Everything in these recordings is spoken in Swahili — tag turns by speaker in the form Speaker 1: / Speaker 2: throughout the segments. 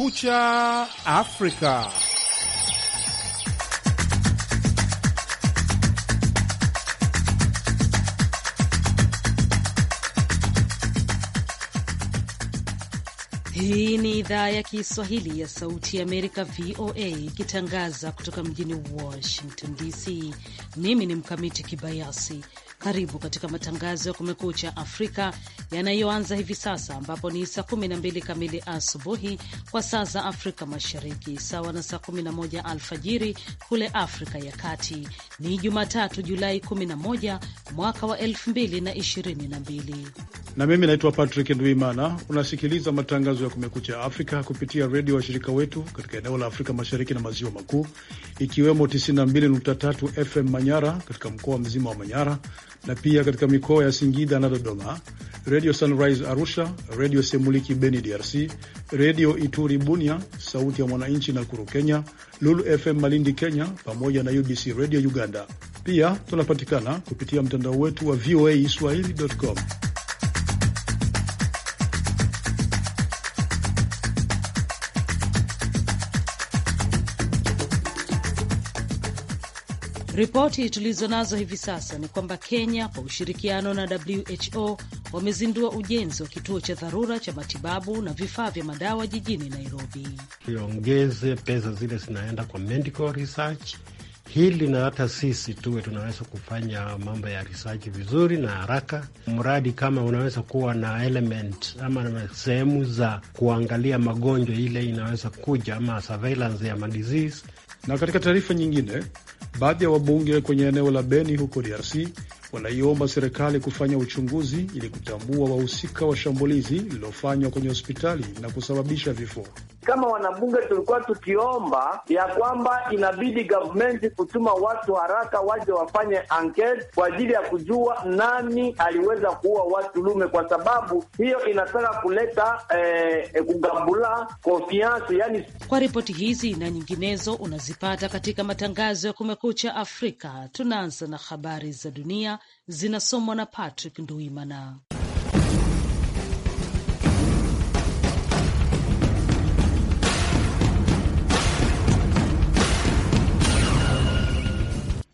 Speaker 1: Kumekucha Afrika.
Speaker 2: Hii ni idhaa ya Kiswahili ya Sauti ya Amerika, VOA, ikitangaza kutoka mjini Washington DC. Mimi ni Mkamiti Kibayasi karibu katika matangazo ya Kumekucha Afrika yanayoanza hivi sasa, ambapo ni saa 12 kamili asubuhi kwa saa za Afrika Mashariki, sawa na saa 11 alfajiri kule Afrika ya Kati. Ni Jumatatu, Julai 11 mwaka wa 2022
Speaker 3: na mimi naitwa Patrick nduimana Unasikiliza matangazo ya Kumekucha Afrika kupitia redio washirika wetu katika eneo la Afrika Mashariki na Maziwa Makuu, ikiwemo 92.3 FM Manyara katika mkoa mzima wa Manyara, na pia katika mikoa ya Singida na Dodoma, radio Sunrise Arusha, radio Semuliki Beni DRC, Redio Ituri Bunia, Sauti ya Mwananchi Nakuru Kenya, Lulu FM Malindi Kenya, pamoja na UBC radio Uganda. Pia tunapatikana kupitia mtandao wetu wa VOA swahili.com.
Speaker 2: Ripoti tulizo nazo hivi sasa ni kwamba Kenya kwa ushirikiano na WHO wamezindua ujenzi wa kituo cha dharura cha matibabu na vifaa vya madawa jijini Nairobi.
Speaker 4: Iongeze pesa zile zinaenda kwa medical research hili na hata sisi tuwe tunaweza kufanya mambo ya risachi vizuri na haraka. Mradi kama unaweza kuwa na element ama sehemu za kuangalia magonjwa ile inaweza kuja ama surveillance ya madisease. Na katika taarifa nyingine, Baadhi ya wabunge kwenye eneo la Beni huko DRC
Speaker 3: wanaiomba serikali kufanya uchunguzi ili kutambua wahusika wa shambulizi lililofanywa kwenye hospitali na kusababisha vifo
Speaker 1: kama wanabunge tulikuwa tukiomba ya kwamba inabidi gavumenti kutuma watu haraka waje wafanye ankete kwa ajili ya kujua nani aliweza kuua watu lume, kwa sababu hiyo inataka kuleta eh, eh kugambula konfiansi yani.
Speaker 2: Kwa ripoti hizi na nyinginezo unazipata katika matangazo ya Kumekucha Afrika. Tunaanza na habari za dunia zinasomwa na Patrick Nduimana.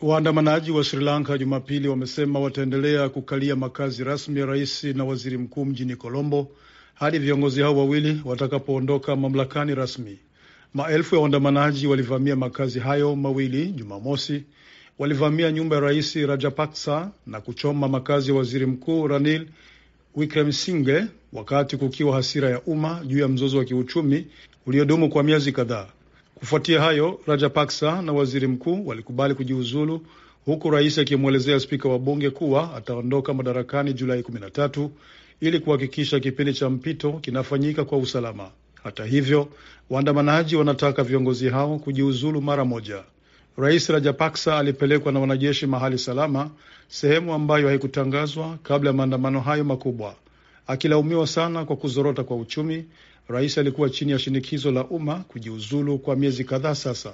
Speaker 3: Waandamanaji wa Sri Lanka Jumapili wamesema wataendelea kukalia makazi rasmi ya rais na waziri mkuu mjini Colombo hadi viongozi hao wawili watakapoondoka mamlakani rasmi. Maelfu ya waandamanaji walivamia makazi hayo mawili Jumamosi, walivamia nyumba ya rais Rajapaksa na kuchoma makazi ya waziri mkuu Ranil Wickremesinghe wakati kukiwa hasira ya umma juu ya mzozo wa kiuchumi uliodumu kwa miezi kadhaa. Kufuatia hayo, Rajapaksa na waziri mkuu walikubali kujiuzulu huku rais akimwelezea spika wa bunge kuwa ataondoka madarakani Julai 13 ili kuhakikisha kipindi cha mpito kinafanyika kwa usalama. Hata hivyo, waandamanaji wanataka viongozi hao kujiuzulu mara moja. Rais Rajapaksa alipelekwa na wanajeshi mahali salama, sehemu ambayo haikutangazwa kabla ya maandamano hayo makubwa. Akilaumiwa sana kwa kuzorota kwa uchumi, Rais alikuwa chini ya shinikizo la umma kujiuzulu kwa miezi kadhaa sasa.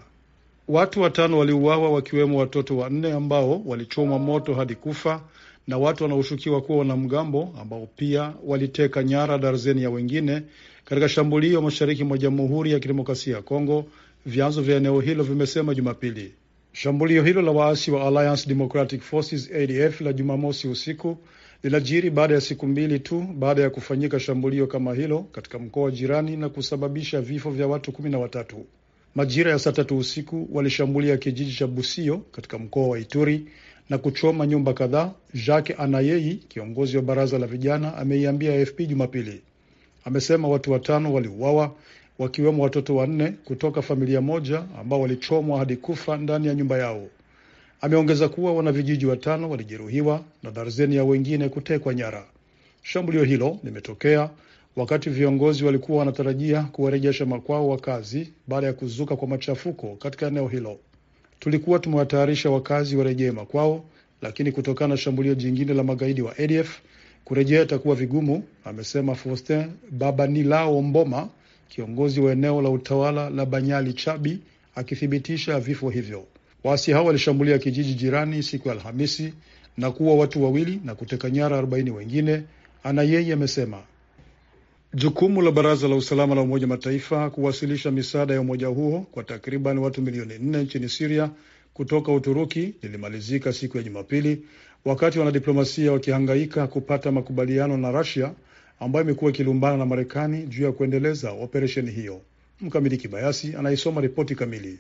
Speaker 3: Watu watano waliuawa wakiwemo watoto wanne ambao walichomwa moto hadi kufa na watu wanaoshukiwa kuwa wanamgambo ambao pia waliteka nyara darzeni ya wengine katika shambulio mashariki mwa Jamhuri ya Kidemokrasia ya Kongo, vyanzo vya eneo hilo vimesema Jumapili. Shambulio hilo la waasi wa Alliance Democratic Forces ADF la Jumamosi usiku linajiri baada ya siku mbili tu baada ya kufanyika shambulio kama hilo katika mkoa wa jirani na kusababisha vifo vya watu kumi na watatu. Majira ya saa tatu usiku walishambulia kijiji cha Busio katika mkoa wa Ituri na kuchoma nyumba kadhaa. Jacques Anayei, kiongozi wa baraza la vijana, ameiambia AFP Jumapili. Amesema watu watano waliuawa wakiwemo watoto wanne kutoka familia moja ambao walichomwa hadi kufa ndani ya nyumba yao. Ameongeza kuwa wanavijiji watano walijeruhiwa na darzeni ya wengine kutekwa nyara. Shambulio hilo limetokea wakati viongozi walikuwa wanatarajia kuwarejesha makwao wakazi baada ya kuzuka kwa machafuko katika eneo hilo. Tulikuwa tumewatayarisha wakazi warejee makwao, lakini kutokana na shambulio jingine la magaidi wa ADF kurejea itakuwa vigumu, amesema Faustin Babanilao Mboma, kiongozi wa eneo la utawala la Banyali Chabi, akithibitisha vifo hivyo. Waasi hao walishambulia kijiji jirani siku ya Alhamisi na kuua watu wawili na kuteka nyara 40 wengine, ana yeye amesema. Jukumu la Baraza la Usalama la Umoja Mataifa kuwasilisha misaada ya umoja huo kwa takriban watu milioni nne nchini Siria kutoka Uturuki lilimalizika siku ya Jumapili wakati wanadiplomasia wakihangaika kupata makubaliano na rasia ambayo imekuwa ikilumbana na Marekani juu ya kuendeleza operesheni hiyo. Mkamili Kibayasi anaisoma ripoti kamili.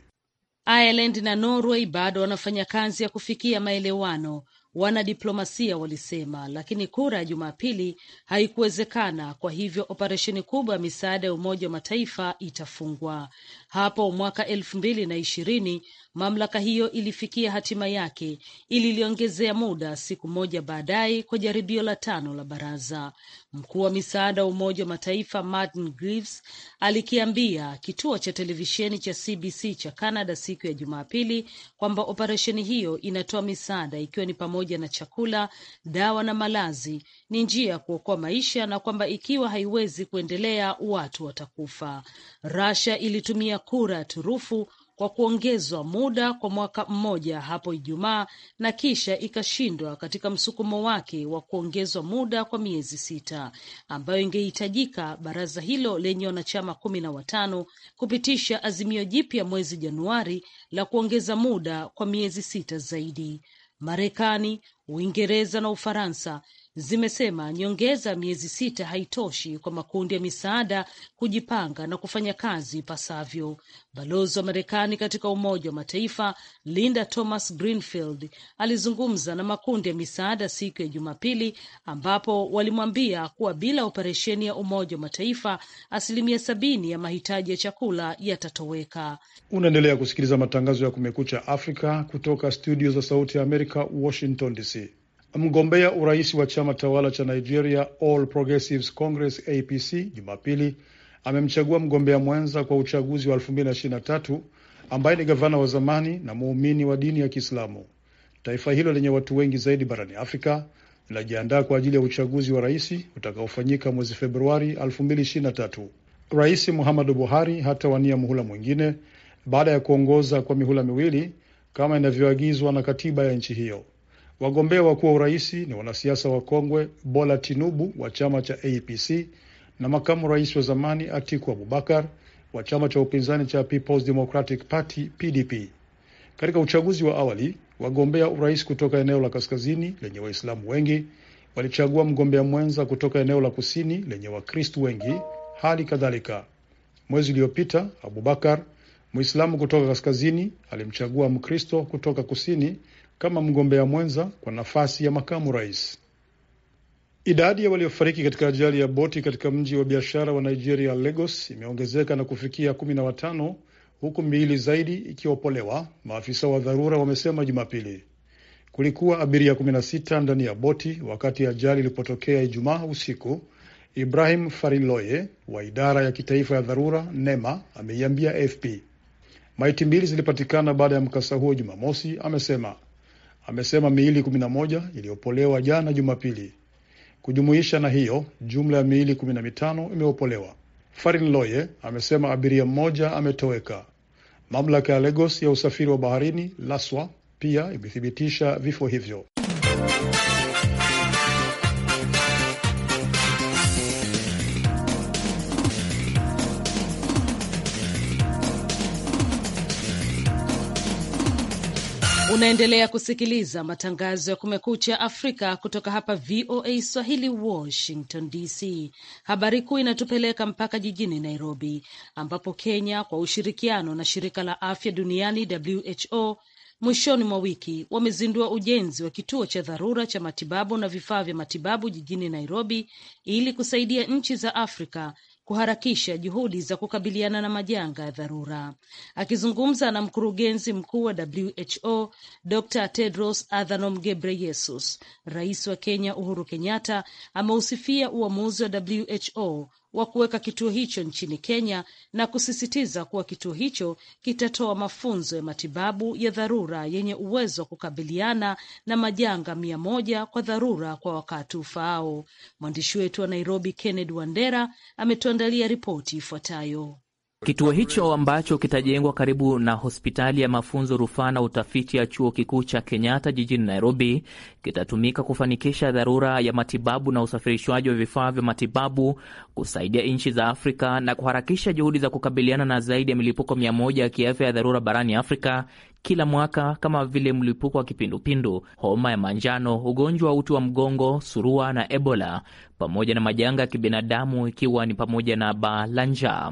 Speaker 2: Ireland na Norway bado wanafanya kazi ya kufikia maelewano wanadiplomasia walisema, lakini kura ya Jumapili haikuwezekana. Kwa hivyo operesheni kubwa ya misaada ya Umoja wa Mataifa itafungwa. Hapo mwaka elfu mbili na ishirini mamlaka hiyo ilifikia hatima yake, ililiongezea muda siku moja baadaye kwa jaribio la tano la baraza. Mkuu wa misaada wa Umoja wa Mataifa Martin Griffiths alikiambia kituo cha televisheni cha CBC cha Canada siku ya Jumapili kwamba operesheni hiyo inatoa misaada ikiwa ni pamoja pamoja na chakula, dawa na malazi ni njia ya kuokoa maisha na kwamba ikiwa haiwezi kuendelea watu watakufa. rasha ilitumia kura ya turufu kwa kuongezwa muda kwa mwaka mmoja hapo Ijumaa na kisha ikashindwa katika msukumo wake wa kuongezwa muda kwa miezi sita ambayo ingehitajika baraza hilo lenye wanachama kumi na watano kupitisha azimio jipya mwezi Januari la kuongeza muda kwa miezi sita zaidi. Marekani, Uingereza na Ufaransa zimesema nyongeza miezi sita haitoshi kwa makundi ya misaada kujipanga na kufanya kazi ipasavyo. Balozi wa Marekani katika Umoja wa Mataifa Linda Thomas Greenfield alizungumza na makundi ya misaada siku ya Jumapili, ambapo walimwambia kuwa bila operesheni ya Umoja wa Mataifa asilimia sabini ya mahitaji ya chakula yatatoweka.
Speaker 3: Unaendelea kusikiliza matangazo ya Kumekucha Afrika kutoka studio za Sauti ya Amerika, Washington DC. Mgombea urais wa chama tawala cha Nigeria All Progressives Congress APC Jumapili amemchagua mgombea mwenza kwa uchaguzi wa 2023 ambaye ni gavana wa zamani na muumini wa dini ya Kiislamu. Taifa hilo lenye watu wengi zaidi barani Afrika linajiandaa kwa ajili ya uchaguzi wa rais utakaofanyika mwezi Februari 2023. Rais Muhammadu Buhari hatawania muhula mwingine baada ya kuongoza kwa mihula miwili kama inavyoagizwa na katiba ya nchi hiyo. Wagombea wakuu wa urais ni wanasiasa kongwe Bola Tinubu wa chama cha APC na makamu rais wa zamani Atiku Abubakar wa chama cha upinzani cha Peoples Democratic Party PDP. Katika uchaguzi wa awali, wagombea urais kutoka eneo la kaskazini lenye Waislamu wengi walichagua mgombea mwenza kutoka eneo la kusini lenye Wakristu wengi. Hali kadhalika, mwezi uliopita, Abubakar Mwislamu kutoka kaskazini alimchagua Mkristo kutoka kusini kama mgombea mwenza kwa nafasi ya makamu rais. Idadi ya waliofariki katika ajali ya boti katika mji wa biashara wa Nigeria, Lagos, imeongezeka na kufikia kumi na watano huku miili zaidi ikiopolewa, maafisa wa dharura wamesema Jumapili. Kulikuwa abiria 16 ndani ya boti wakati ajali ilipotokea Ijumaa usiku. Ibrahim Fariloye wa idara ya kitaifa ya dharura NEMA ameiambia AFP maiti mbili zilipatikana baada ya mkasa huo Jumamosi, amesema amesema miili 11 iliyopolewa jana Jumapili. Kujumuisha na hiyo, jumla ya miili 15 imeopolewa. Farin Loye amesema abiria mmoja ametoweka. Mamlaka ya Lagos ya usafiri wa baharini LASWA pia imethibitisha vifo hivyo.
Speaker 2: Unaendelea kusikiliza matangazo ya Kumekucha Afrika kutoka hapa VOA Swahili, Washington DC. Habari kuu inatupeleka mpaka jijini Nairobi, ambapo Kenya kwa ushirikiano na shirika la afya duniani WHO mwishoni mwa wiki wamezindua ujenzi wa kituo cha dharura cha matibabu na vifaa vya matibabu jijini Nairobi ili kusaidia nchi za Afrika kuharakisha juhudi za kukabiliana na majanga ya dharura. Akizungumza na mkurugenzi mkuu wa WHO Dr Tedros Adhanom Ghebreyesus, rais wa Kenya Uhuru Kenyatta ameusifia uamuzi wa WHO wa kuweka kituo hicho nchini Kenya na kusisitiza kuwa kituo hicho kitatoa mafunzo ya matibabu ya dharura yenye uwezo wa kukabiliana na majanga mia moja kwa dharura kwa wakati ufaao. Mwandishi wetu wa Nairobi kenned Wandera ametuandalia ripoti ifuatayo.
Speaker 5: Kituo hicho ambacho kitajengwa karibu na hospitali ya mafunzo rufaa na utafiti ya chuo kikuu cha Kenyatta jijini Nairobi kitatumika kufanikisha dharura ya matibabu na usafirishwaji wa vifaa vya matibabu, kusaidia nchi za Afrika na kuharakisha juhudi za kukabiliana na zaidi ya milipuko mia moja ya kiafya ya dharura barani Afrika kila mwaka kama vile mlipuko wa kipindupindu, homa ya manjano, ugonjwa wa uti wa mgongo, surua na Ebola, pamoja na majanga ya kibinadamu ikiwa ni pamoja na baa la njaa.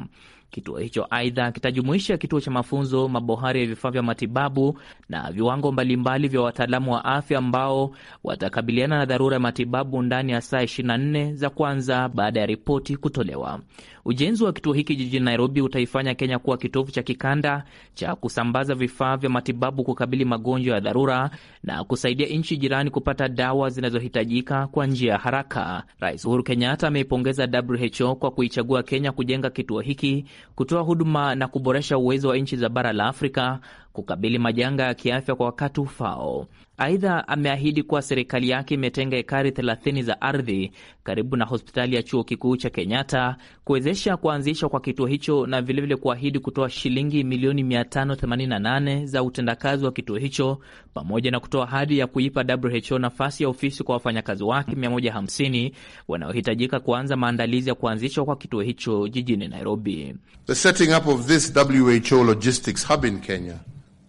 Speaker 5: Kituo hicho aidha kitajumuisha kituo cha mafunzo, mabohari ya vifaa vya matibabu na viwango mbalimbali vya wataalamu wa afya ambao watakabiliana na dharura ya matibabu ndani ya saa 24 za kwanza baada ya ripoti kutolewa. Ujenzi wa kituo hiki jijini Nairobi utaifanya Kenya kuwa kitovu cha kikanda cha kusambaza vifaa vya matibabu kukabili magonjwa ya dharura na kusaidia nchi jirani kupata dawa zinazohitajika kwa njia ya haraka. Rais Uhuru Kenyatta ameipongeza WHO kwa kuichagua Kenya kujenga kituo hiki kutoa huduma na kuboresha uwezo wa nchi za bara la Afrika kukabili majanga ya kiafya kwa wakati ufao. Aidha, ameahidi kuwa serikali yake imetenga ekari 30 za ardhi karibu na hospitali ya chuo kikuu cha Kenyatta kuwezesha kuanzishwa kwa kituo hicho na vilevile kuahidi kutoa shilingi milioni 588 za utendakazi wa kituo hicho pamoja na kutoa ahadi ya kuipa WHO nafasi ya ofisi kwa wafanyakazi wake 150 wanaohitajika kuanza maandalizi ya kuanzishwa kwa kituo hicho jijini Nairobi. The setting up of this WHO logistics hub in Kenya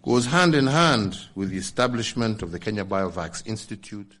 Speaker 5: goes hand in hand with the establishment of the Kenya BioVax Institute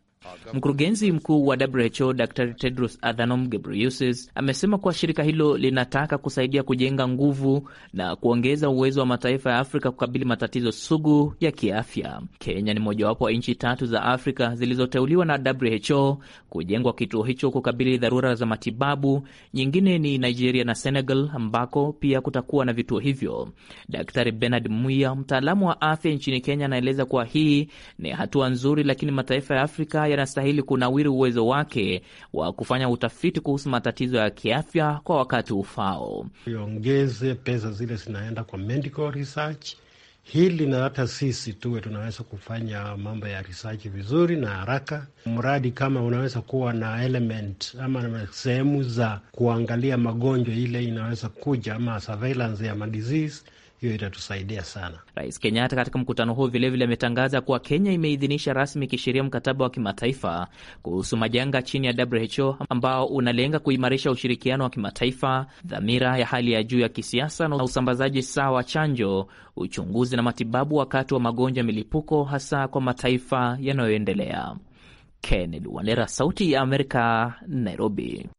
Speaker 5: Mkurugenzi mkuu wa WHO dr Tedros Adhanom Ghebreyesus amesema kuwa shirika hilo linataka kusaidia kujenga nguvu na kuongeza uwezo wa mataifa ya Afrika kukabili matatizo sugu ya kiafya. Kenya ni mojawapo wa nchi tatu za Afrika zilizoteuliwa na WHO kujengwa kituo hicho kukabili dharura za matibabu. Nyingine ni Nigeria na Senegal ambako pia kutakuwa na vituo hivyo. Dr Bernard Muya, mtaalamu wa afya nchini Kenya, anaeleza kuwa hii ni hatua nzuri, lakini mataifa ya Afrika yanastahili kunawiri uwezo wake wa kufanya utafiti kuhusu matatizo ya kiafya kwa wakati ufao.
Speaker 4: Iongeze pesa zile zinaenda kwa medical research hili na hata sisi tuwe tunaweza kufanya mambo ya research vizuri na haraka. Mradi kama unaweza kuwa na element ama sehemu za kuangalia magonjwa ile inaweza kuja ama surveillance ya madisease hiyo itatusaidia sana.
Speaker 5: Rais Kenyatta katika mkutano huo vilevile ametangaza kuwa Kenya imeidhinisha rasmi kisheria mkataba wa kimataifa kuhusu majanga chini ya WHO ambao unalenga kuimarisha ushirikiano wa kimataifa, dhamira ya hali ya juu ya kisiasa na usambazaji sawa wa chanjo, uchunguzi na matibabu wakati wa magonjwa ya milipuko, hasa kwa mataifa yanayoendelea. Kennedy Wandera, Sauti ya Amerika, Nairobi.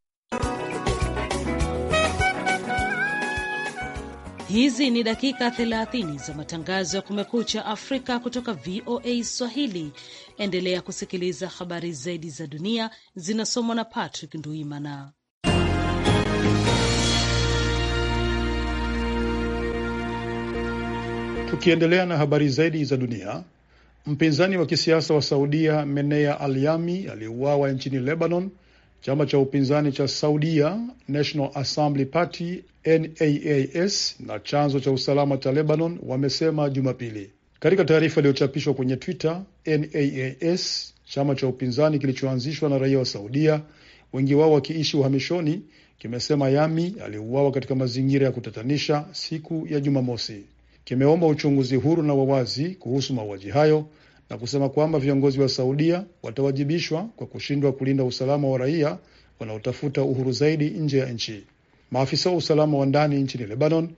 Speaker 2: Hizi ni dakika 30 za matangazo ya Kumekucha Afrika kutoka VOA Swahili. Endelea kusikiliza habari zaidi za dunia, zinasomwa na Patrick Nduimana.
Speaker 3: Tukiendelea na habari zaidi za dunia, mpinzani wa kisiasa wa Saudia Menea Alyami aliyeuawa nchini Lebanon Chama cha upinzani cha Saudia National Assembly Party NAAS na chanzo cha usalama cha Lebanon wamesema Jumapili katika taarifa iliyochapishwa kwenye Twitter. NAAS, chama cha upinzani kilichoanzishwa na raia wa Saudia, wengi wao wakiishi uhamishoni, kimesema Yami aliuawa katika mazingira ya kutatanisha siku ya Jumamosi. Kimeomba uchunguzi huru na wawazi kuhusu mauaji hayo na kusema kwamba viongozi wa Saudia watawajibishwa kwa kushindwa kulinda usalama wa raia wanaotafuta uhuru zaidi nje ya nchi. Maafisa wa usalama wa ndani nchini Lebanon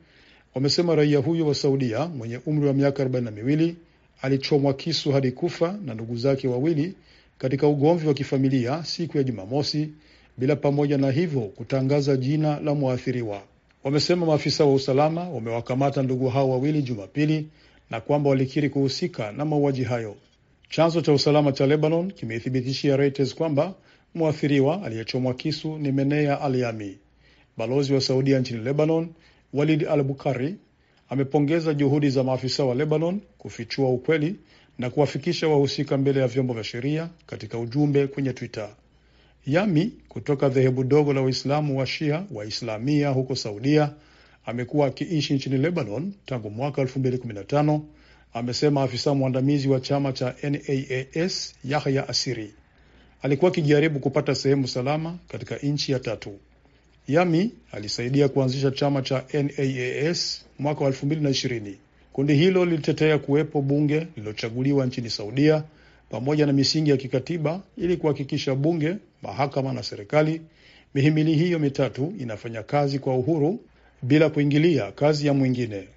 Speaker 3: wamesema raia huyo wa Saudia mwenye umri wa miaka arobaini na miwili alichomwa kisu hadi kufa na ndugu zake wawili katika ugomvi wa kifamilia siku ya Jumamosi bila pamoja na hivyo kutangaza jina la mwathiriwa. Wamesema maafisa wa usalama wamewakamata ndugu hao wawili Jumapili na kwamba walikiri kuhusika na mauaji hayo. Chanzo cha usalama cha Lebanon kimeithibitishia Reuters kwamba mwathiriwa aliyechomwa kisu ni Menea Alyami. Balozi wa Saudia nchini Lebanon Walid Al Bukari amepongeza juhudi za maafisa wa Lebanon kufichua ukweli na kuwafikisha wahusika mbele ya vyombo vya sheria. Katika ujumbe kwenye Twitter, Yami kutoka dhehebu dogo la Waislamu wa Shia wa Islamia huko Saudia amekuwa akiishi nchini Lebanon tangu mwaka 2015, amesema afisa mwandamizi wa chama cha NAAS Yahya Asiri. Alikuwa akijaribu kupata sehemu salama katika nchi ya tatu. Yami alisaidia kuanzisha chama cha NAAS mwaka wa 2020. Kundi hilo lilitetea kuwepo bunge lililochaguliwa nchini Saudia pamoja na misingi ya kikatiba ili kuhakikisha bunge, mahakama na serikali, mihimili hiyo mitatu inafanya kazi kwa uhuru bila kuingilia kazi ya mwingine.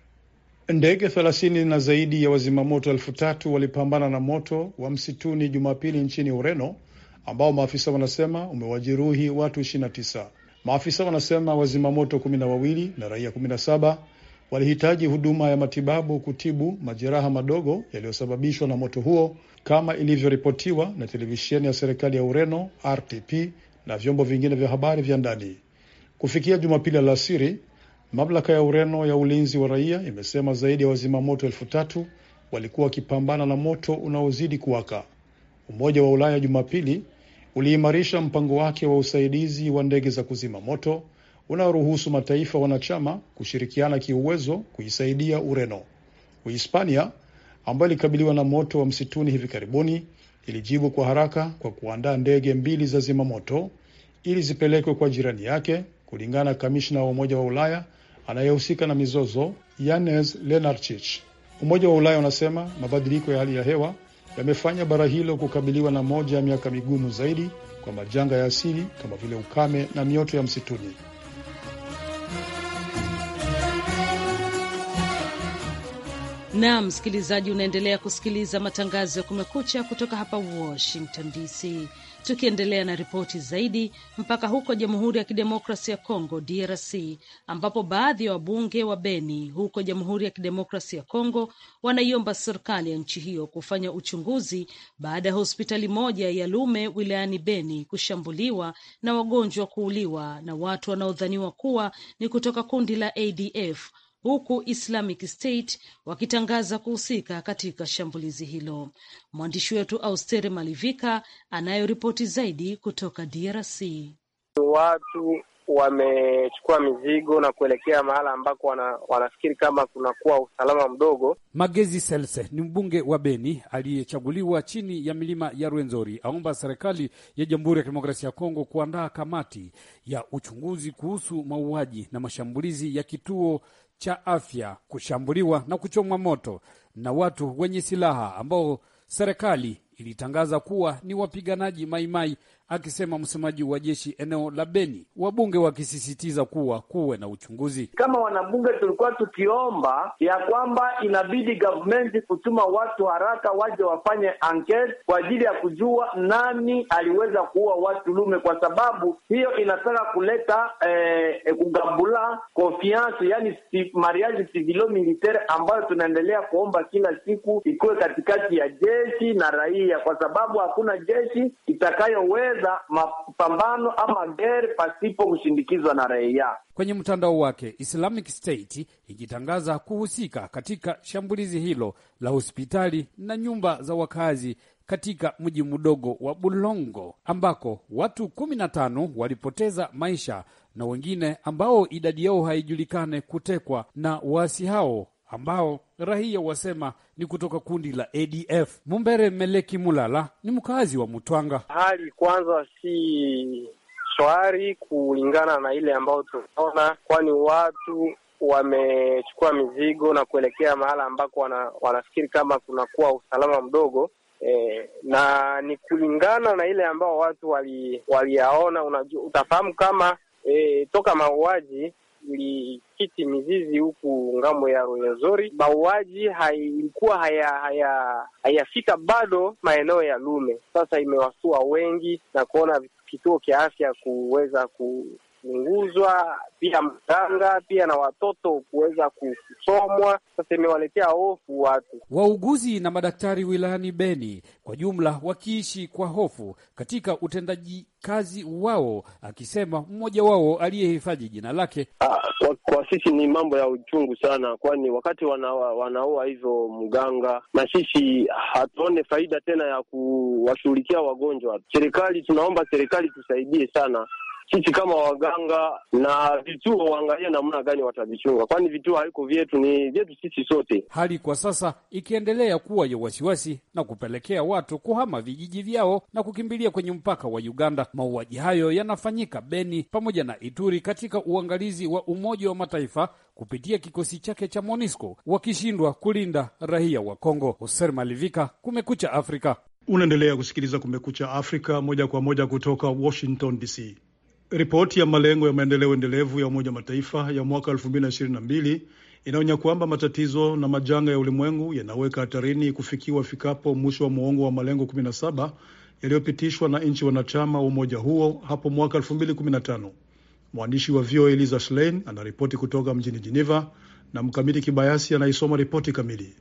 Speaker 3: Ndege thelathini na zaidi ya wazimamoto elfu tatu walipambana na moto wa msituni Jumapili nchini Ureno ambao maafisa wanasema umewajeruhi watu 29. Maafisa wanasema wazimamoto kumi na wawili na raia 17 walihitaji huduma ya matibabu kutibu majeraha madogo yaliyosababishwa na moto huo kama ilivyoripotiwa na televisheni ya serikali ya Ureno RTP na vyombo vingine vya habari vya ndani. Kufikia Jumapili alasiri, Mamlaka ya Ureno ya ulinzi wa raia imesema zaidi ya wazimamoto elfu tatu walikuwa wakipambana na moto unaozidi kuwaka. Umoja wa Ulaya Jumapili uliimarisha mpango wake wa usaidizi wa ndege za kuzima moto unaoruhusu mataifa wanachama kushirikiana kiuwezo kuisaidia Ureno. Uhispania ambayo ilikabiliwa na moto wa msituni hivi karibuni ilijibu kwa haraka kwa kuandaa ndege mbili za zimamoto ili zipelekwe kwa jirani yake, kulingana na kamishna wa Umoja wa Ulaya anayehusika na mizozo yanes Lenarchich. Umoja wa Ulaya unasema mabadiliko ya hali ya hewa yamefanya bara hilo kukabiliwa na moja ya miaka migumu zaidi kwa majanga ya asili kama vile ukame na mioto ya msituni.
Speaker 2: na msikilizaji, unaendelea kusikiliza matangazo ya Kumekucha kutoka hapa Washington DC. Tukiendelea na ripoti zaidi, mpaka huko Jamhuri ya Kidemokrasi ya congo DRC, ambapo baadhi ya wa wabunge wa Beni huko Jamhuri ya Kidemokrasi ya congo wanaiomba serikali ya nchi hiyo kufanya uchunguzi baada ya hospitali moja ya Lume wilayani Beni kushambuliwa na wagonjwa kuuliwa na watu wanaodhaniwa kuwa ni kutoka kundi la ADF huku Islamic State wakitangaza kuhusika katika shambulizi hilo. Mwandishi wetu auster Malivika anayoripoti zaidi kutoka DRC.
Speaker 1: Watu wamechukua mizigo na kuelekea mahala ambako wana, wanafikiri kama kunakuwa usalama mdogo. Magezi Selse ni mbunge wa Beni aliyechaguliwa chini ya milima ya Rwenzori, aomba serikali ya Jamhuri ya Kidemokrasia ya Kongo kuandaa kamati ya uchunguzi kuhusu mauaji na mashambulizi ya kituo cha afya kushambuliwa na kuchomwa moto na watu wenye silaha ambao serikali ilitangaza kuwa ni wapiganaji maimai akisema msemaji wa jeshi eneo la Beni, wabunge wakisisitiza kuwa kuwe na uchunguzi. Kama wanabunge tulikuwa tukiomba ya kwamba inabidi gavumenti kutuma watu haraka waje wafanye ankete kwa ajili ya kujua nani aliweza kuua watu lume, kwa sababu hiyo inataka kuleta eh, kugambula konfiansi, yani si, mariaji sivilo militaire ambayo tunaendelea kuomba kila siku ikuwe katikati ya jeshi na raia, kwa sababu hakuna jeshi itakayoweza kuendeleza mapambano ama gere pasipo kushindikizwa na raia. Kwenye mtandao wake, Islamic State ikitangaza kuhusika katika shambulizi hilo la hospitali na nyumba za wakazi katika mji mdogo wa Bulongo ambako watu kumi na tano walipoteza maisha na wengine ambao idadi yao haijulikane kutekwa na waasi hao ambao raia wasema ni kutoka kundi la ADF. Mumbere Meleki Mulala ni mkazi wa Mutwanga. Hali kwanza si shwari kulingana na ile ambayo tunaona, kwani watu wamechukua mizigo na kuelekea mahala ambako wana, wanafikiri kama kunakuwa usalama mdogo. E, na ni kulingana na ile ambao watu waliyaona wali, utafahamu kama e, toka mauaji ulikiti mizizi huku ngambo ya Rwenzori. Mauaji hailikuwa hayafika haya, hayafika bado maeneo ya Lume. Sasa imewasua wengi na kuona kituo kiafya afya kuweza ku kupunguzwa, pia mganga pia na watoto kuweza kusomwa. Sasa imewaletea hofu watu. Wauguzi na madaktari wilayani Beni kwa jumla wakiishi kwa hofu katika utendaji kazi wao, akisema mmoja wao aliyehifadhi jina lake. Ah, kwa, kwa sisi ni mambo ya uchungu sana, kwani wakati wana, wanaoa hivyo mganga na sisi hatuone faida tena ya kuwashughulikia wagonjwa. Serikali, tunaomba serikali tusaidie sana sisi kama waganga na vituo waangalie namna gani watavichunga, kwani vituo haiko vyetu, ni vyetu sisi sote. Hali kwa sasa ikiendelea kuwa ya wasiwasi na kupelekea watu kuhama vijiji vyao na kukimbilia kwenye mpaka wa Uganda. Mauaji hayo yanafanyika Beni pamoja na Ituri katika uangalizi wa Umoja wa Mataifa kupitia kikosi chake cha MONUSCO wakishindwa kulinda raia wa Kongo. Hoser Malivika, Kumekucha Afrika. Unaendelea kusikiliza Kumekucha Afrika moja
Speaker 3: kwa moja kutoka Washington DC. Ripoti ya malengo ya maendeleo endelevu ya Umoja Mataifa ya mwaka 2022 inaonya kwamba matatizo na majanga ya ulimwengu yanaweka hatarini kufikiwa ifikapo mwisho wa muongo wa malengo 17 yaliyopitishwa na nchi wanachama wa umoja huo hapo mwaka 2015. Mwandishi wa VOA Eliza Schlein anaripoti kutoka mjini Geneva na Mkamiti Kibayasi anaisoma ripoti kamili.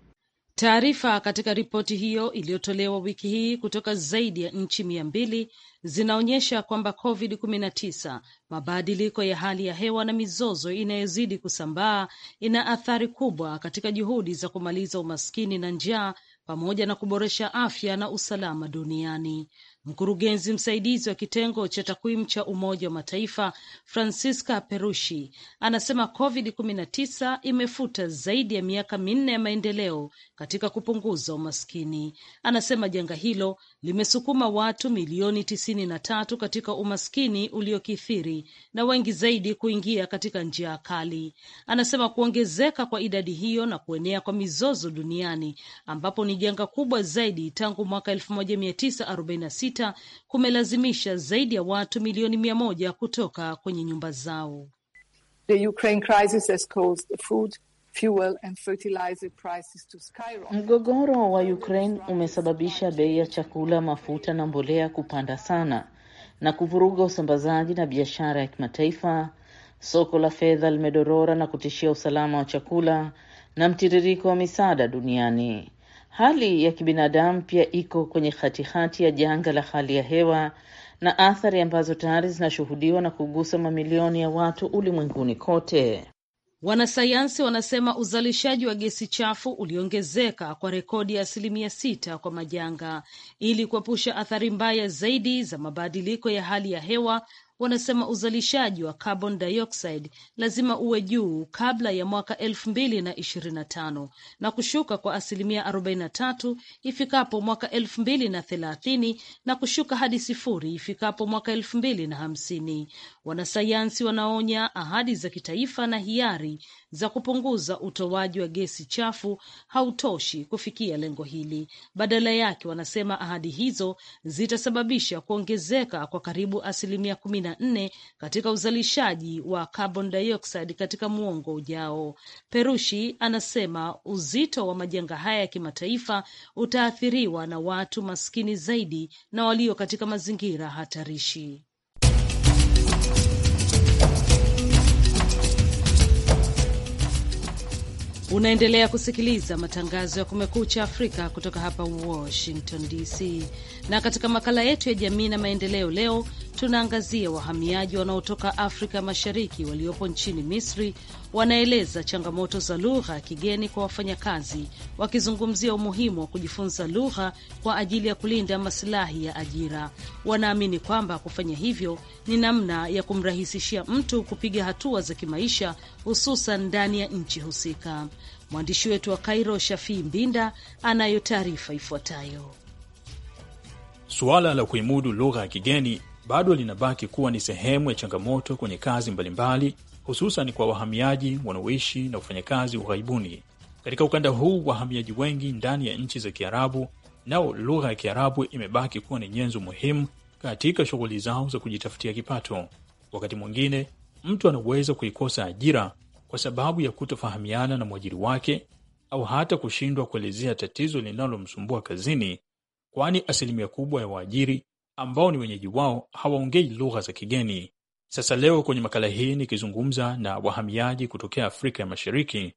Speaker 2: Taarifa katika ripoti hiyo iliyotolewa wiki hii kutoka zaidi ya nchi mia mbili zinaonyesha kwamba COVID 19, mabadiliko ya hali ya hewa na mizozo inayozidi kusambaa ina athari kubwa katika juhudi za kumaliza umaskini na njaa pamoja na kuboresha afya na usalama duniani. Mkurugenzi msaidizi wa kitengo cha takwimu cha Umoja wa Mataifa Francisca Perushi anasema COVID-19 imefuta zaidi ya miaka minne ya maendeleo katika kupunguza umaskini. Anasema janga hilo limesukuma watu milioni tisini na tatu katika umaskini uliokithiri na wengi zaidi kuingia katika njia kali. Anasema kuongezeka kwa idadi hiyo na kuenea kwa mizozo duniani ambapo ni janga kubwa zaidi tangu mwaka 1946 sita kumelazimisha zaidi ya watu milioni mia moja kutoka kwenye nyumba zao.
Speaker 6: The Ukraine crisis has caused food, fuel and fertilizer prices to skyrocket.
Speaker 2: Mgogoro wa Ukraine umesababisha bei ya chakula, mafuta na mbolea kupanda sana na kuvuruga usambazaji na biashara ya kimataifa. Soko la fedha limedorora na kutishia usalama wa chakula na mtiririko wa misaada duniani. Hali ya kibinadamu pia iko kwenye hatihati ya janga la hali ya hewa na athari ambazo tayari zinashuhudiwa na kugusa mamilioni ya watu ulimwenguni kote. Wanasayansi wanasema uzalishaji wa gesi chafu uliongezeka kwa rekodi ya asilimia sita kwa majanga ili kuepusha athari mbaya zaidi za mabadiliko ya hali ya hewa wanasema uzalishaji wa carbon dioxide lazima uwe juu kabla ya mwaka elfu mbili na ishirini na tano na kushuka kwa asilimia arobaini na tatu ifikapo mwaka elfu mbili na thelathini na kushuka hadi sifuri ifikapo mwaka elfu mbili na hamsini. Wanasayansi wanaonya ahadi za kitaifa na hiari za kupunguza utoaji wa gesi chafu hautoshi kufikia lengo hili. Badala yake, wanasema ahadi hizo zitasababisha kuongezeka kwa karibu asilimia kumi na nne katika uzalishaji wa carbon dioxide katika muongo ujao. Perushi anasema uzito wa majanga haya ya kimataifa utaathiriwa na watu maskini zaidi na walio katika mazingira hatarishi. Unaendelea kusikiliza matangazo ya Kumekucha Afrika kutoka hapa Washington DC, na katika makala yetu ya jamii na maendeleo leo tunaangazia wahamiaji wanaotoka Afrika Mashariki waliopo nchini Misri wanaeleza changamoto za lugha ya kigeni kwa wafanyakazi, wakizungumzia umuhimu wa kujifunza lugha kwa ajili ya kulinda masilahi ya ajira. Wanaamini kwamba kufanya hivyo ni namna ya kumrahisishia mtu kupiga hatua za kimaisha, hususan ndani ya nchi husika. Mwandishi wetu wa Kairo, Shafii Mbinda, anayo taarifa ifuatayo.
Speaker 4: Suala la kuimudu lugha ya kigeni bado linabaki kuwa ni sehemu ya changamoto kwenye kazi mbalimbali hususan kwa wahamiaji wanaoishi na ufanyakazi ughaibuni katika ukanda huu. Wahamiaji wengi ndani ya nchi za Kiarabu, nao lugha ya Kiarabu imebaki kuwa ni nyenzo muhimu katika shughuli zao za kujitafutia kipato. Wakati mwingine mtu anaweza kuikosa ajira kwa sababu ya kutofahamiana na mwajiri wake au hata kushindwa kuelezea tatizo linalomsumbua kazini, kwani asilimia kubwa ya waajiri ambao ni wenyeji wao hawaongei lugha za kigeni. Sasa leo kwenye makala hii nikizungumza na wahamiaji kutokea Afrika ya Mashariki,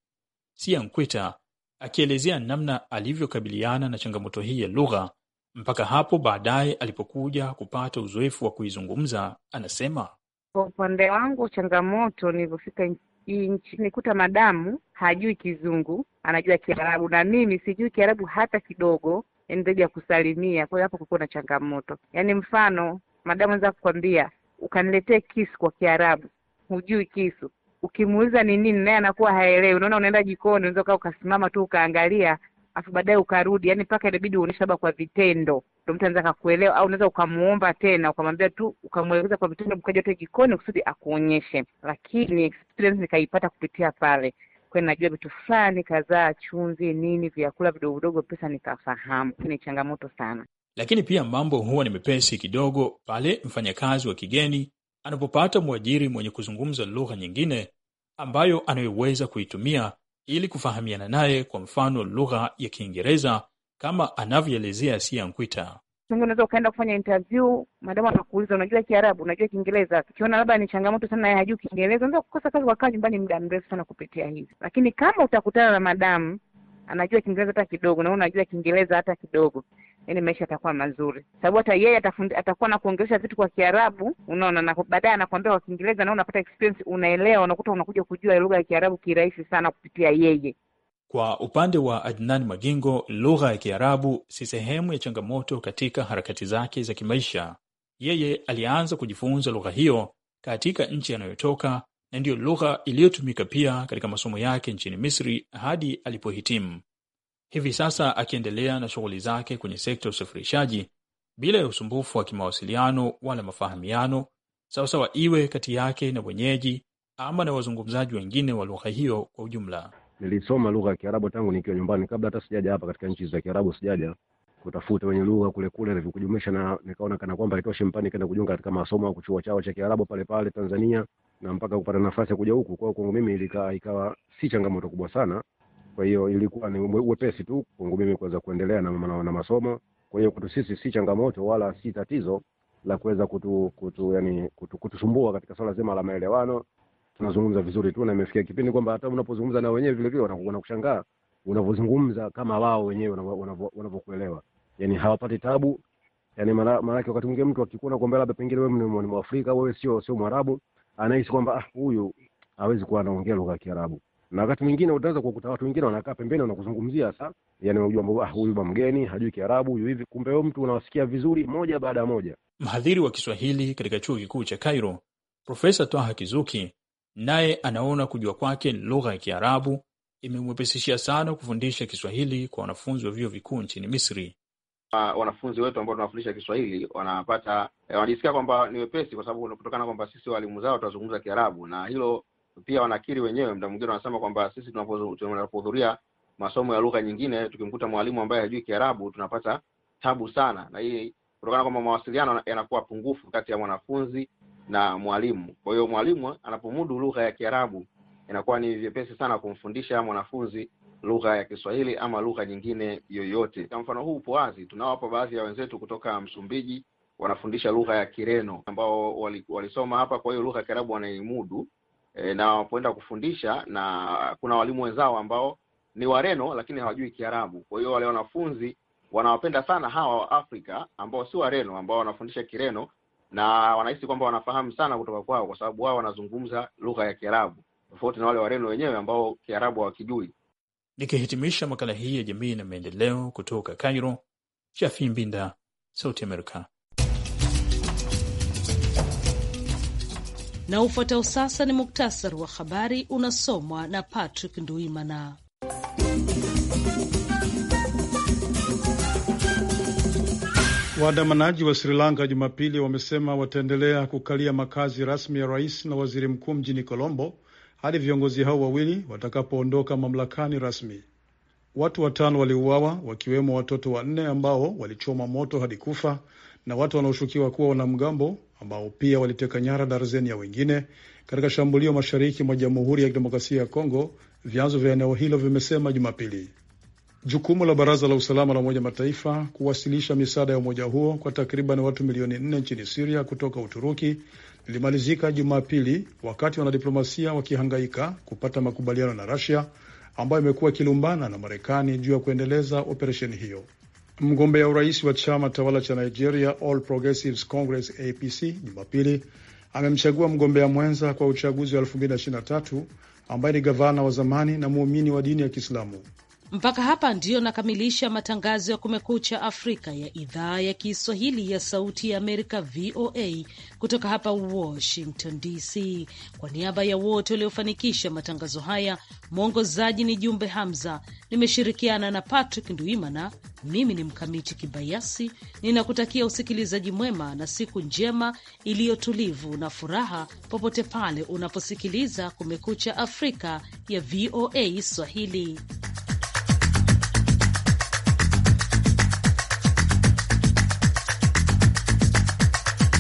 Speaker 4: siankwita Nkwita akielezea namna alivyokabiliana na changamoto hii ya lugha mpaka hapo baadaye alipokuja kupata uzoefu wa kuizungumza. Anasema,
Speaker 6: kwa upande wangu changamoto nilivyofika hii nchi nikuta madamu hajui Kizungu, anajua Kiarabu na mimi sijui Kiarabu hata kidogo, yani zaidi ya kusalimia. Kwa hiyo hapo kulikuwa na changamoto, yaani mfano madamu anaweza kukwambia ukaniletea kisu kwa Kiarabu, hujui kisu. Ukimuuliza ni nini, naye anakuwa haelewi. Unaona, unaenda jikoni, unaweza ukaa ukasimama tu ukaangalia, afu baadaye ukarudi, yani mpaka inabidi uonyesha labda kwa vitendo ndo mtu anaweza kakuelewa au unaweza ukamuomba tena ukamwambia tu ukamwelekeza kwa vitendo, mkaja tu jikoni kusudi akuonyeshe. Lakini experience nikaipata kupitia pale kwani najua vitu fulani kadhaa, chumvi, nini, vyakula vidogo vidogo, pesa nikafahamu. Ni changamoto sana
Speaker 4: lakini pia mambo huwa ni mepesi kidogo pale mfanyakazi wa kigeni anapopata mwajiri mwenye kuzungumza lugha nyingine ambayo anayoweza kuitumia ili kufahamiana naye, kwa mfano lugha ya Kiingereza kama anavyoelezea Sia Nkwita.
Speaker 6: Unaweza ukaenda kufanya interview, madamu anakuuliza unajua Kiarabu, unajua Kiingereza. Ukiona labda ni changamoto sana, yeye hajui Kiingereza, unaweza kukosa kazi, wakaa nyumbani muda mrefu sana kupitia hivi. Lakini kama utakutana na madamu anajua Kiingereza hata kidogo, na wewe unajua Kiingereza hata kidogo, yani maisha yatakuwa mazuri, sababu hata yeye atakuwa na kuongelesha vitu kwa Kiarabu, unaona, na baadaye anakuambia kwa Kiingereza, na unapata experience, unaelewa, unakuta unakuja kujua lugha ya Kiarabu kirahisi sana kupitia yeye.
Speaker 4: Kwa upande wa Adnan Magingo, lugha ya Kiarabu si sehemu ya changamoto katika harakati zake za kimaisha. Yeye alianza kujifunza lugha hiyo katika nchi anayotoka na ndiyo lugha iliyotumika pia katika masomo yake nchini Misri hadi alipohitimu hivi sasa akiendelea na shughuli zake kwenye sekta ya usafirishaji bila ya usumbufu wa kimawasiliano wala mafahamiano sawasawa, iwe kati yake na wenyeji ama na wazungumzaji wengine wa lugha hiyo kwa ujumla.
Speaker 7: Nilisoma lugha ya Kiarabu tangu nikiwa nyumbani, kabla hata sijaja hapa katika nchi za Kiarabu, sijaja kutafuta wenye lugha kule kule, nilivyokujumlisha na nikaona kana kwamba itoshe mpani kenda kujiunga katika masomo au chuo chao cha Kiarabu pale pale Tanzania, na mpaka kupata nafasi ya kuja huku. Kwa hiyo kwangu mimi ikawa si changamoto kubwa sana kwa hiyo ilikuwa ni wepesi tu kwangu mimi kuweza kuendelea na, na, na masomo. Kwa hiyo kwetu sisi si changamoto wala si tatizo la kuweza kutu, kutu, yani, kutu, kutusumbua katika swala zima la maelewano. Tunazungumza vizuri tu, na imefikia kipindi kwamba hata unapozungumza na wenyewe vile vile wanakushangaa unavyozungumza kama wao wenyewe wanavyokuelewa, yani hawapati tabu yani. Maanake wakati mwingine mtu akikuona kwamba labda pengine wewe ni Mwafrika, wewe sio sio Mwarabu, anahisi kwamba ah huyu hawezi kuwa anaongea lugha ya Kiarabu na wakati mwingine utaanza kukuta watu wengine wanakaa pembeni wanakuzungumzia sa yani unajua ah, huyu ba mgeni hajui Kiarabu huyu hivi, kumbe huyo mtu unawasikia vizuri moja baada ya moja.
Speaker 4: Mhadhiri wa Kiswahili katika chuo kikuu cha Cairo, Profesa Twaha Kizuki, naye anaona kujua kwake lugha ya Kiarabu imemwepesishia sana kufundisha Kiswahili kwa wanafunzi wa vyuo vikuu nchini Misri.
Speaker 7: Uh, wanafunzi wetu ambao tunawafundisha Kiswahili wanapata eh, wanajisikia kwamba ni wepesi, kwa sababu kutokana kwamba sisi walimu zao tunazungumza Kiarabu na hilo pia wanakiri wenyewe, mda mwingine wanasema kwamba sisi tunapohudhuria masomo ya lugha nyingine, tukimkuta mwalimu ambaye hajui Kiarabu tunapata tabu sana, na hii kutokana kwamba mawasiliano yanakuwa pungufu kati ya mwanafunzi na mwalimu. Kwa hiyo mwalimu anapomudu lugha ya Kiarabu inakuwa ni vyepesi sana kumfundisha mwanafunzi lugha ya Kiswahili ama lugha nyingine yoyote. Kwa mfano huu upo wazi, tunaowapa baadhi ya wenzetu kutoka Msumbiji wanafundisha lugha ya Kireno ambao walisoma wali hapa, kwa hiyo lugha ya Kiarabu wanaimudu e, na wanapoenda kufundisha, na kuna walimu wenzao ambao ni Wareno lakini hawajui Kiarabu. Kwa hiyo wale wanafunzi wanawapenda sana hawa wa Afrika ambao si Wareno, ambao wanafundisha Kireno na wanahisi kwamba wanafahamu sana kutoka kwao, kwa sababu wao wanazungumza lugha ya Kiarabu tofauti na wale Wareno wenyewe ambao Kiarabu hawakijui.
Speaker 4: Nikihitimisha makala hii ya jamii na maendeleo kutoka Cairo, Shafi Mbinda, Sauti Amerika.
Speaker 2: na ufuatao sasa ni muktasari wa habari unasomwa na Patrick Nduimana.
Speaker 3: Waandamanaji wa Sri Lanka Jumapili wamesema wataendelea kukalia makazi rasmi ya rais na waziri mkuu mjini Colombo hadi viongozi hao wawili watakapoondoka mamlakani rasmi. Watu watano waliuawa wakiwemo watoto wanne ambao walichoma moto hadi kufa na watu wanaoshukiwa kuwa wanamgambo ambao pia waliteka nyara darzeni ya wengine katika shambulio mashariki mwa Jamhuri ya Kidemokrasia ya Kongo, vyanzo vya eneo hilo vimesema Jumapili. Jukumu la Baraza la Usalama la Umoja Mataifa kuwasilisha misaada ya umoja huo kwa takriban watu milioni nne nchini Siria kutoka Uturuki lilimalizika Jumapili, wakati wanadiplomasia wakihangaika kupata makubaliano na Rasia ambayo imekuwa ikilumbana na Marekani juu ya kuendeleza operesheni hiyo. Mgombea urais wa chama tawala cha Nigeria All Progressives Congress APC Jumapili amemchagua mgombea mwenza kwa uchaguzi wa 2023 ambaye ni gavana wa zamani na muumini wa dini ya Kiislamu.
Speaker 2: Mpaka hapa ndiyo nakamilisha matangazo ya Kumekucha Afrika ya idhaa ya Kiswahili ya Sauti ya Amerika, VOA, kutoka hapa Washington DC. Kwa niaba ya wote waliofanikisha matangazo haya, mwongozaji ni Jumbe Hamza, nimeshirikiana na Patrick Nduimana. Mimi ni Mkamiti Kibayasi, ninakutakia usikilizaji mwema na siku njema iliyo tulivu na furaha, popote pale unaposikiliza Kumekucha Afrika ya VOA Swahili.